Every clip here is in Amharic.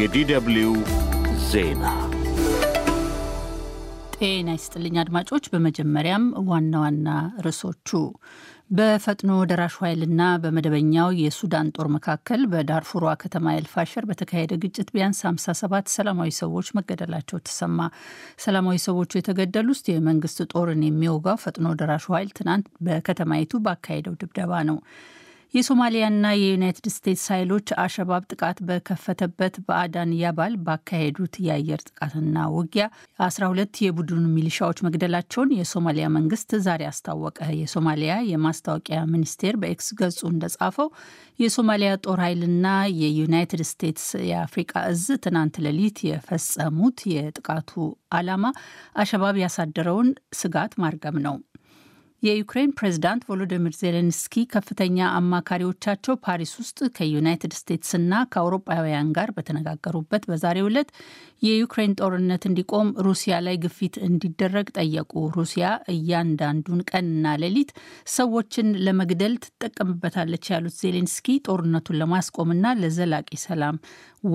የዲደብሊው ዜና ጤና ይስጥልኝ አድማጮች። በመጀመሪያም ዋና ዋና ርዕሶቹ በፈጥኖ ደራሹ ኃይልና በመደበኛው የሱዳን ጦር መካከል በዳርፉሯ ከተማ ኤልፋሸር በተካሄደ ግጭት ቢያንስ 57 ሰላማዊ ሰዎች መገደላቸው ተሰማ። ሰላማዊ ሰዎቹ የተገደሉት የመንግስት ጦርን የሚወጋው ፈጥኖ ደራሹ ኃይል ትናንት በከተማይቱ ባካሄደው ድብደባ ነው። የሶማሊያና የዩናይትድ ስቴትስ ኃይሎች አሸባብ ጥቃት በከፈተበት በአዳን ያባል ባካሄዱት የአየር ጥቃትና ውጊያ 12 የቡድኑ ሚሊሻዎች መግደላቸውን የሶማሊያ መንግስት ዛሬ አስታወቀ። የሶማሊያ የማስታወቂያ ሚኒስቴር በኤክስ ገጹ እንደጻፈው የሶማሊያ ጦር ኃይልና የዩናይትድ ስቴትስ የአፍሪቃ እዝ ትናንት ሌሊት የፈጸሙት የጥቃቱ ዓላማ አሸባብ ያሳደረውን ስጋት ማርገም ነው። የዩክሬን ፕሬዝዳንት ቮሎዲሚር ዜሌንስኪ ከፍተኛ አማካሪዎቻቸው ፓሪስ ውስጥ ከዩናይትድ ስቴትስና ከአውሮጳውያን ጋር በተነጋገሩበት በዛሬው ዕለት የዩክሬን ጦርነት እንዲቆም ሩሲያ ላይ ግፊት እንዲደረግ ጠየቁ። ሩሲያ እያንዳንዱን ቀንና ሌሊት ሰዎችን ለመግደል ትጠቀምበታለች ያሉት ዜሌንስኪ ጦርነቱን ለማስቆምና ለዘላቂ ሰላም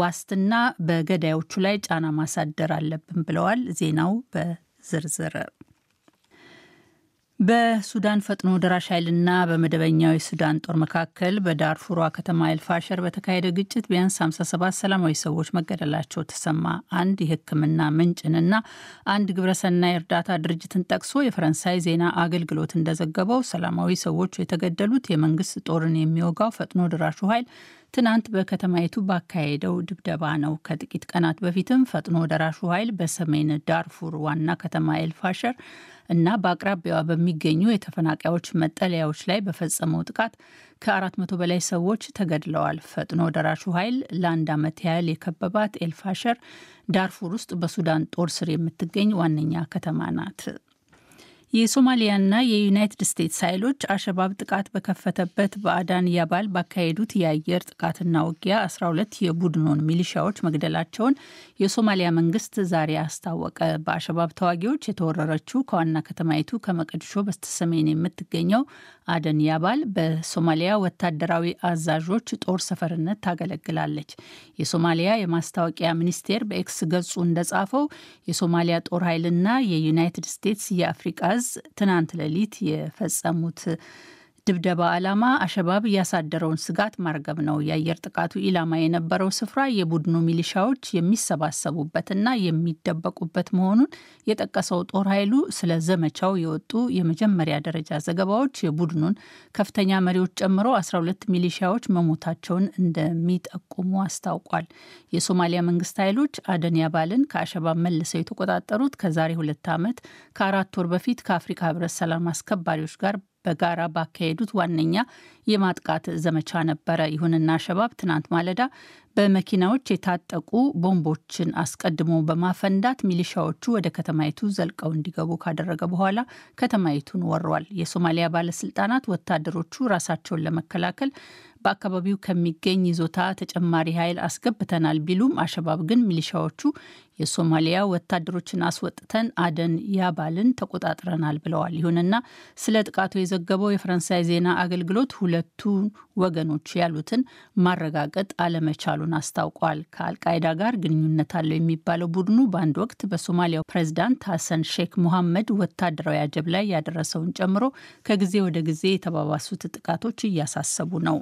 ዋስትና በገዳዮቹ ላይ ጫና ማሳደር አለብን ብለዋል። ዜናው በዝርዝር በሱዳን ፈጥኖ ደራሽ ኃይልና በመደበኛው የሱዳን ጦር መካከል በዳርፉሯ ከተማ ኤልፋሸር በተካሄደ ግጭት ቢያንስ 57 ሰላማዊ ሰዎች መገደላቸው ተሰማ። አንድ የሕክምና ምንጭንና አንድ ግብረሰናይ እርዳታ ድርጅትን ጠቅሶ የፈረንሳይ ዜና አገልግሎት እንደዘገበው ሰላማዊ ሰዎቹ የተገደሉት የመንግስት ጦርን የሚወጋው ፈጥኖ ደራሹ ኃይል ትናንት በከተማይቱ ባካሄደው ድብደባ ነው። ከጥቂት ቀናት በፊትም ፈጥኖ ደራሹ ኃይል በሰሜን ዳርፉር ዋና ከተማ ኤልፋሸር እና በአቅራቢያዋ በሚገኙ የተፈናቃዮች መጠለያዎች ላይ በፈጸመው ጥቃት ከ400 በላይ ሰዎች ተገድለዋል። ፈጥኖ ደራሹ ኃይል ለአንድ ዓመት ያህል የከበባት ኤልፋሸር ዳርፉር ውስጥ በሱዳን ጦር ስር የምትገኝ ዋነኛ ከተማ ናት። የሶማሊያና የዩናይትድ ስቴትስ ኃይሎች አሸባብ ጥቃት በከፈተበት በአዳን ያባል ባካሄዱት የአየር ጥቃትና ውጊያ 12 የቡድኑን ሚሊሻዎች መግደላቸውን የሶማሊያ መንግስት ዛሬ አስታወቀ። በአሸባብ ተዋጊዎች የተወረረችው ከዋና ከተማይቱ ከመቀድሾ በስተሰሜን የምትገኘው አደን ያባል በሶማሊያ ወታደራዊ አዛዦች ጦር ሰፈርነት ታገለግላለች። የሶማሊያ የማስታወቂያ ሚኒስቴር በኤክስ ገጹ እንደጻፈው የሶማሊያ ጦር ኃይልና የዩናይትድ ስቴትስ የአፍሪቃ አገዛዝ ትናንት ሌሊት የፈጸሙት ድብደባ ዓላማ አሸባብ ያሳደረውን ስጋት ማርገብ ነው። የአየር ጥቃቱ ኢላማ የነበረው ስፍራ የቡድኑ ሚሊሻዎች የሚሰባሰቡበትና የሚደበቁበት መሆኑን የጠቀሰው ጦር ኃይሉ ስለ ዘመቻው የወጡ የመጀመሪያ ደረጃ ዘገባዎች የቡድኑን ከፍተኛ መሪዎች ጨምሮ 12 ሚሊሻዎች መሞታቸውን እንደሚጠቁሙ አስታውቋል። የሶማሊያ መንግስት ኃይሎች አደን ያባልን ከአሸባብ መልሰው የተቆጣጠሩት ከዛሬ ሁለት ዓመት ከአራት ወር በፊት ከአፍሪካ ህብረት ሰላም አስከባሪዎች ጋር በጋራ ባካሄዱት ዋነኛ የማጥቃት ዘመቻ ነበረ። ይሁንና ሸባብ ትናንት ማለዳ በመኪናዎች የታጠቁ ቦምቦችን አስቀድሞ በማፈንዳት ሚሊሻዎቹ ወደ ከተማይቱ ዘልቀው እንዲገቡ ካደረገ በኋላ ከተማይቱን ወሯል። የሶማሊያ ባለስልጣናት ወታደሮቹ ራሳቸውን ለመከላከል በአካባቢው ከሚገኝ ይዞታ ተጨማሪ ኃይል አስገብተናል ቢሉም አሸባብ ግን ሚሊሻዎቹ የሶማሊያ ወታደሮችን አስወጥተን አደን ያባልን ተቆጣጥረናል ብለዋል። ይሁንና ስለ ጥቃቱ የዘገበው የፈረንሳይ ዜና አገልግሎት ሁለቱ ወገኖች ያሉትን ማረጋገጥ አለመቻሉን አስታውቋል። ከአልቃይዳ ጋር ግንኙነት አለው የሚባለው ቡድኑ በአንድ ወቅት በሶማሊያው ፕሬዝዳንት ሐሰን ሼክ ሙሐመድ ወታደራዊ አጀብ ላይ ያደረሰውን ጨምሮ ከጊዜ ወደ ጊዜ የተባባሱት ጥቃቶች እያሳሰቡ ነው።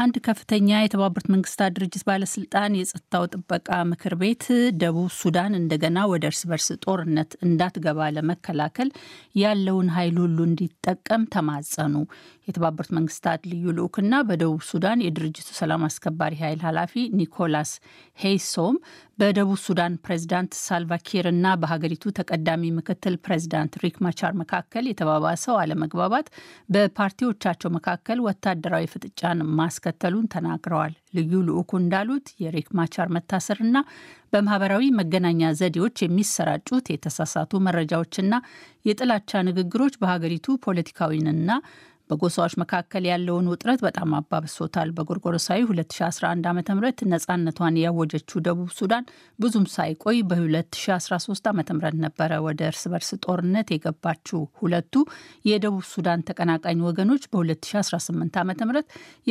አንድ ከፍተኛ የተባበሩት መንግስታት ድርጅት ባለስልጣን የጸጥታው ጥበቃ ምክር ቤት ደቡብ ሱዳን እንደገና ወደ እርስ በርስ ጦርነት እንዳትገባ ለመከላከል ያለውን ኃይል ሁሉ እንዲጠቀም ተማጸኑ። የተባበሩት መንግስታት ልዩ ልዑክና በደቡብ ሱዳን የድርጅቱ ሰላም አስከባሪ ኃይል ኃላፊ ኒኮላስ ሄይሶም በደቡብ ሱዳን ፕሬዚዳንት ሳልቫኪር እና በሀገሪቱ ተቀዳሚ ምክትል ፕሬዚዳንት ሪክ ማቻር መካከል የተባባሰው አለመግባባት በፓርቲዎቻቸው መካከል ወታደራዊ ፍጥጫን ማስ ማስከተሉን ተናግረዋል። ልዩ ልዑኩ እንዳሉት የሬክ ማቻር መታሰርና በማህበራዊ መገናኛ ዘዴዎች የሚሰራጩት የተሳሳቱ መረጃዎችና የጥላቻ ንግግሮች በሀገሪቱ ፖለቲካዊንና በጎሳዎች መካከል ያለውን ውጥረት በጣም አባብሶታል። በጎርጎሮሳዊ 2011 ዓ ም ነፃነቷን ያወጀችው ደቡብ ሱዳን ብዙም ሳይቆይ በ2013 ዓ ም ነበረ ወደ እርስ በርስ ጦርነት የገባችው። ሁለቱ የደቡብ ሱዳን ተቀናቃኝ ወገኖች በ2018 ዓ ም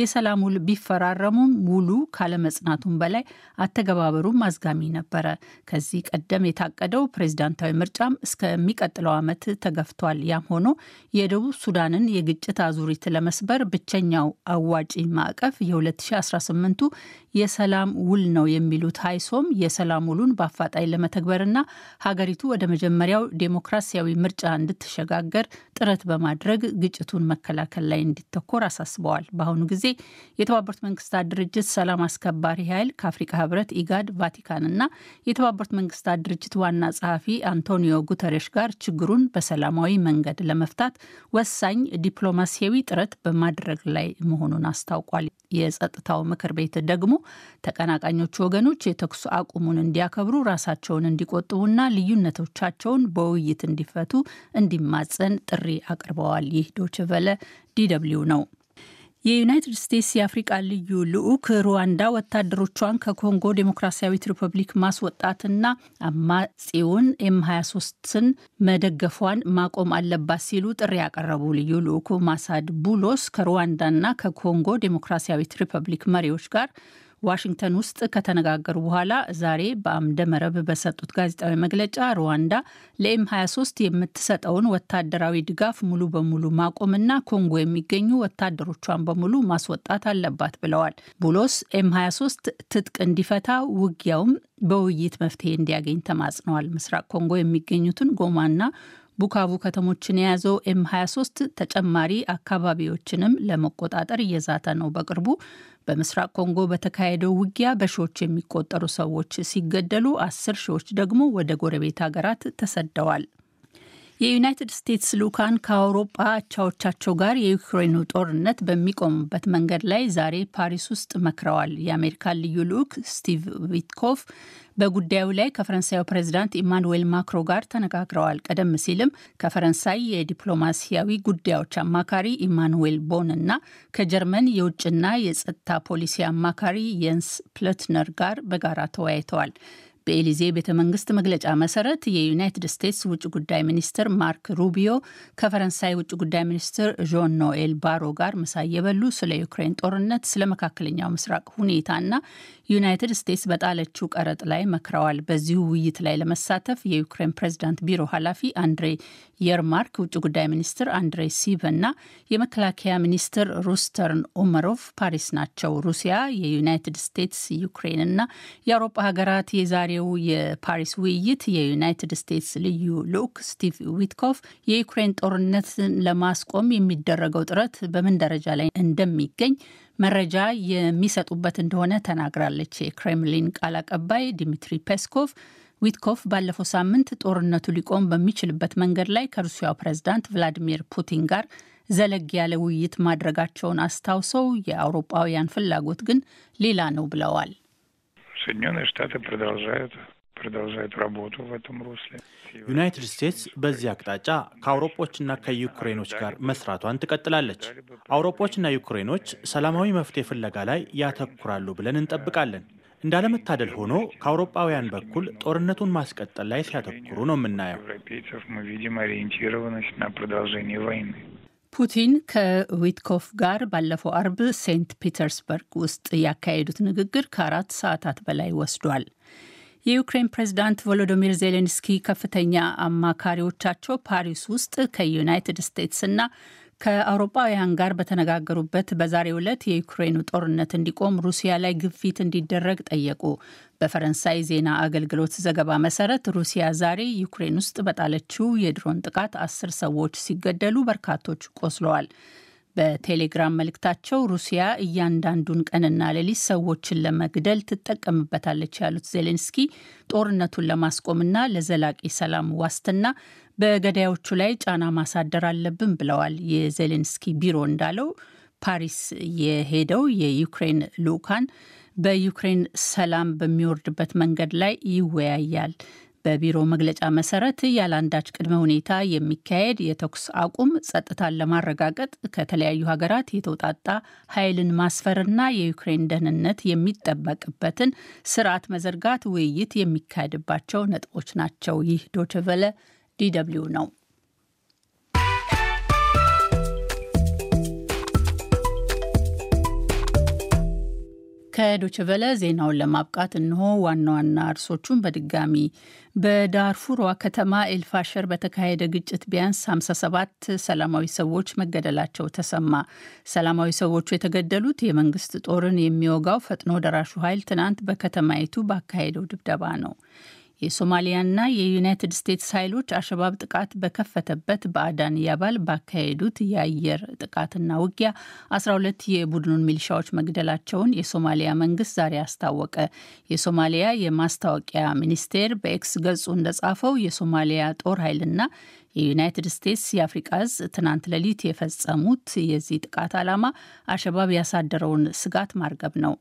የሰላም ውል ቢፈራረሙም ውሉ ካለመጽናቱም በላይ አተገባበሩም አዝጋሚ ነበረ። ከዚህ ቀደም የታቀደው ፕሬዚዳንታዊ ምርጫም እስከሚቀጥለው ዓመት ተገፍቷል። ያም ሆኖ የደቡብ ሱዳንን የግጭት አዙሪት ለመስበር ብቸኛው አዋጪ ማዕቀፍ የ2018ቱ የሰላም ውል ነው የሚሉት ሀይሶም የሰላም ውሉን በአፋጣኝ ለመተግበርና ሀገሪቱ ወደ መጀመሪያው ዴሞክራሲያዊ ምርጫ እንድትሸጋገር ጥረት በማድረግ ግጭቱን መከላከል ላይ እንዲተኮር አሳስበዋል። በአሁኑ ጊዜ የተባበሩት መንግስታት ድርጅት ሰላም አስከባሪ ኃይል ከአፍሪካ ህብረት፣ ኢጋድ፣ ቫቲካን እና የተባበሩት መንግስታት ድርጅት ዋና ጸሐፊ አንቶኒዮ ጉተሬሽ ጋር ችግሩን በሰላማዊ መንገድ ለመፍታት ወሳኝ ዲፕሎማሲያዊ ጥረት በማድረግ ላይ መሆኑን አስታውቋል። የጸጥታው ምክር ቤት ደግሞ ተቀናቃኞቹ ወገኖች የተኩስ አቁሙን እንዲያከብሩ ራሳቸውን እንዲቆጥቡና ልዩነቶቻቸውን በውይይት እንዲፈቱ እንዲማጸን ጥሪ አቅርበዋል። ይህ ዶችቨለ ዲደብልዩ ነው። የዩናይትድ ስቴትስ የአፍሪቃ ልዩ ልዑክ ሩዋንዳ ወታደሮቿን ከኮንጎ ዴሞክራሲያዊት ሪፐብሊክ ማስወጣትና አማጺውን ኤም 23ን መደገፏን ማቆም አለባት ሲሉ ጥሪ ያቀረቡ ልዩ ልዑኩ ማሳድ ቡሎስ ከሩዋንዳና ከኮንጎ ዴሞክራሲያዊት ሪፐብሊክ መሪዎች ጋር ዋሽንግተን ውስጥ ከተነጋገሩ በኋላ ዛሬ በአምደ መረብ በሰጡት ጋዜጣዊ መግለጫ ሩዋንዳ ለኤም 23 የምትሰጠውን ወታደራዊ ድጋፍ ሙሉ በሙሉ ማቆምና ኮንጎ የሚገኙ ወታደሮቿን በሙሉ ማስወጣት አለባት ብለዋል። ቡሎስ ኤም 23 ትጥቅ እንዲፈታ ውጊያውም በውይይት መፍትሄ እንዲያገኝ ተማጽነዋል። ምስራቅ ኮንጎ የሚገኙትን ጎማና ቡካቡ ከተሞችን የያዘው ኤም 23 ተጨማሪ አካባቢዎችንም ለመቆጣጠር እየዛተ ነው። በቅርቡ በምስራቅ ኮንጎ በተካሄደው ውጊያ በሺዎች የሚቆጠሩ ሰዎች ሲገደሉ፣ አስር ሺዎች ደግሞ ወደ ጎረቤት ሀገራት ተሰደዋል። የዩናይትድ ስቴትስ ልዑካን ከአውሮጳ አቻዎቻቸው ጋር የዩክሬኑ ጦርነት በሚቆሙበት መንገድ ላይ ዛሬ ፓሪስ ውስጥ መክረዋል። የአሜሪካን ልዩ ልዑክ ስቲቭ ዊትኮፍ በጉዳዩ ላይ ከፈረንሳዩ ፕሬዚዳንት ኢማኑዌል ማክሮ ጋር ተነጋግረዋል። ቀደም ሲልም ከፈረንሳይ የዲፕሎማሲያዊ ጉዳዮች አማካሪ ኢማኑዌል ቦን እና ከጀርመን የውጭና የጸጥታ ፖሊሲ አማካሪ የንስ ፕለትነር ጋር በጋራ ተወያይተዋል። በኤሊዜ ቤተ መንግስት መግለጫ መሰረት የዩናይትድ ስቴትስ ውጭ ጉዳይ ሚኒስትር ማርክ ሩቢዮ ከፈረንሳይ ውጭ ጉዳይ ሚኒስትር ዦን ኖኤል ባሮ ጋር ምሳ የበሉ ስለ ዩክሬን ጦርነት፣ ስለ መካከለኛው ምስራቅ ሁኔታና ዩናይትድ ስቴትስ በጣለችው ቀረጥ ላይ መክረዋል። በዚሁ ውይይት ላይ ለመሳተፍ የዩክሬን ፕሬዚዳንት ቢሮ ኃላፊ አንድሬ የርማርክ፣ ውጭ ጉዳይ ሚኒስትር አንድሬ ሲቭ እና የመከላከያ ሚኒስትር ሩስተርን ኡመሮቭ ፓሪስ ናቸው። ሩሲያ፣ የዩናይትድ ስቴትስ፣ ዩክሬን እና የአውሮፓ ሀገራት የዛሬ የዛሬው የፓሪስ ውይይት የዩናይትድ ስቴትስ ልዩ ልዑክ ስቲቭ ዊትኮፍ የዩክሬን ጦርነትን ለማስቆም የሚደረገው ጥረት በምን ደረጃ ላይ እንደሚገኝ መረጃ የሚሰጡበት እንደሆነ ተናግራለች። የክሬምሊን ቃል አቀባይ ዲሚትሪ ፔስኮቭ ዊትኮፍ ባለፈው ሳምንት ጦርነቱ ሊቆም በሚችልበት መንገድ ላይ ከሩሲያው ፕሬዝዳንት ቭላዲሚር ፑቲን ጋር ዘለግ ያለ ውይይት ማድረጋቸውን አስታውሰው የአውሮፓውያን ፍላጎት ግን ሌላ ነው ብለዋል። Соединенные Штаты продолжают продолжают работу в этом русле. ዩናይትድ ስቴትስ በዚህ አቅጣጫ ከአውሮፖችና ከዩክሬኖች ጋር መስራቷን ትቀጥላለች። አውሮፖችና ዩክሬኖች ሰላማዊ መፍትሄ ፍለጋ ላይ ያተኩራሉ ብለን እንጠብቃለን። እንዳለመታደል ሆኖ ከአውሮፓውያን በኩል ጦርነቱን ማስቀጠል ላይ ሲያተኩሩ ነው የምናየው። ፑቲን ከዊትኮፍ ጋር ባለፈው አርብ ሴንት ፒተርስበርግ ውስጥ ያካሄዱት ንግግር ከአራት ሰዓታት በላይ ወስዷል። የዩክሬን ፕሬዝዳንት ቮሎዶሚር ዜሌንስኪ ከፍተኛ አማካሪዎቻቸው ፓሪስ ውስጥ ከዩናይትድ ስቴትስ እና ከአውሮጳውያን ጋር በተነጋገሩበት በዛሬው ዕለት የዩክሬኑ ጦርነት እንዲቆም ሩሲያ ላይ ግፊት እንዲደረግ ጠየቁ። በፈረንሳይ ዜና አገልግሎት ዘገባ መሰረት ሩሲያ ዛሬ ዩክሬን ውስጥ በጣለችው የድሮን ጥቃት አስር ሰዎች ሲገደሉ በርካቶች ቆስለዋል። በቴሌግራም መልእክታቸው ሩሲያ እያንዳንዱን ቀንና ሌሊት ሰዎችን ለመግደል ትጠቀምበታለች ያሉት ዜሌንስኪ ጦርነቱን ለማስቆምና ለዘላቂ ሰላም ዋስትና በገዳዮቹ ላይ ጫና ማሳደር አለብን ብለዋል። የዜሌንስኪ ቢሮ እንዳለው ፓሪስ የሄደው የዩክሬን ልዑካን በዩክሬን ሰላም በሚወርድበት መንገድ ላይ ይወያያል። በቢሮ መግለጫ መሰረት ያለአንዳች ቅድመ ሁኔታ የሚካሄድ የተኩስ አቁም ጸጥታን ለማረጋገጥ ከተለያዩ ሀገራት የተውጣጣ ኃይልን ማስፈርና የዩክሬን ደህንነት የሚጠበቅበትን ስርዓት መዘርጋት ውይይት የሚካሄድባቸው ነጥቦች ናቸው። ይህ ዶችቨለ ዲ ነው። ከዶችቨለ ዜናውን ለማብቃት እንሆ ዋና ዋና እርሶቹን በድጋሚ በዳርፉሯ ከተማ ኤልፋሸር በተካሄደ ግጭት ቢያንስ 57 ሰላማዊ ሰዎች መገደላቸው ተሰማ። ሰላማዊ ሰዎቹ የተገደሉት የመንግስት ጦርን የሚወጋው ፈጥኖ ደራሹ ኃይል ትናንት በከተማይቱ ባካሄደው ድብደባ ነው። የሶማሊያና የዩናይትድ ስቴትስ ኃይሎች አሸባብ ጥቃት በከፈተበት በአዳን ያባል ባካሄዱት የአየር ጥቃትና ውጊያ 12 የቡድኑን ሚሊሻዎች መግደላቸውን የሶማሊያ መንግስት ዛሬ አስታወቀ። የሶማሊያ የማስታወቂያ ሚኒስቴር በኤክስ ገጹ እንደጻፈው የሶማሊያ ጦር ኃይልና የዩናይትድ ስቴትስ የአፍሪቃ እዝ ትናንት ሌሊት የፈጸሙት የዚህ ጥቃት ዓላማ አሸባብ ያሳደረውን ስጋት ማርገብ ነው።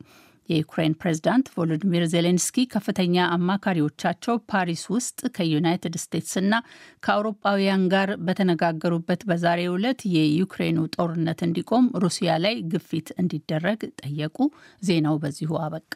የዩክሬን ፕሬዝዳንት ቮሎዲሚር ዜሌንስኪ ከፍተኛ አማካሪዎቻቸው ፓሪስ ውስጥ ከዩናይትድ ስቴትስና ከአውሮፓውያን ጋር በተነጋገሩበት በዛሬ ዕለት የዩክሬኑ ጦርነት እንዲቆም ሩሲያ ላይ ግፊት እንዲደረግ ጠየቁ። ዜናው በዚሁ አበቃ።